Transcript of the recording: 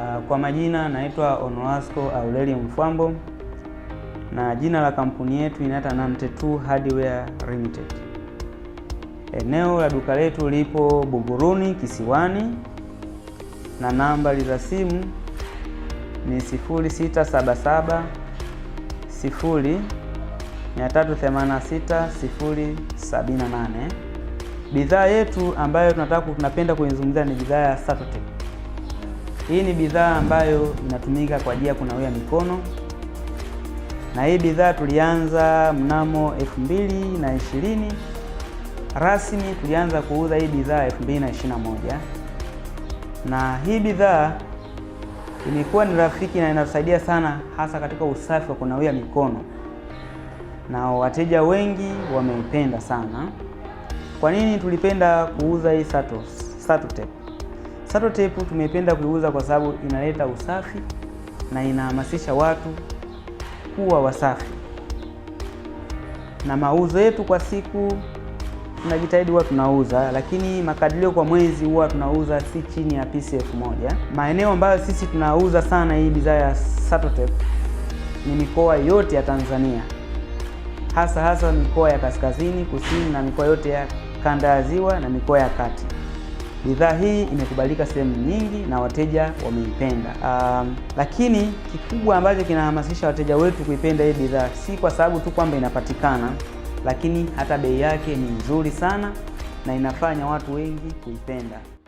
Uh, kwa majina naitwa Onwasco Aurelio Mfwambo na jina la kampuni yetu inaitwa 2 Hardware Limited. Eneo la duka letu lipo Buguruni Kisiwani na namba za simu ni 0677 0 Bidhaa yetu ambayo tunataka tunapenda kuizungumzia ni bidhaa ya Satotech. Hii ni bidhaa ambayo inatumika kwa ajili ya kunawia mikono, na hii bidhaa tulianza mnamo 2020 rasmi, tulianza kuuza hii bidhaa 2021 na hii bidhaa imekuwa ni rafiki na inatusaidia sana hasa katika usafi wa kunawia mikono, na wateja wengi wameipenda sana. Kwa nini tulipenda kuuza hii Sato Sato Tape? Sato tape tumependa kuiuza kwa sababu inaleta usafi na inahamasisha watu kuwa wasafi, na mauzo yetu kwa siku tunajitahidi huwa tunauza, lakini makadirio kwa mwezi huwa tunauza si chini ya pisi elfu moja. Maeneo ambayo sisi tunauza sana hii bidhaa ya tape ni mikoa yote ya Tanzania, hasa hasa mikoa ya kaskazini, kusini na mikoa yote ya kanda ya ziwa na mikoa ya kati. Bidhaa hii imekubalika sehemu nyingi na wateja wameipenda. Um, lakini kikubwa ambacho kinahamasisha wateja wetu kuipenda hii bidhaa si kwa sababu tu kwamba inapatikana, lakini hata bei yake ni nzuri sana na inafanya watu wengi kuipenda.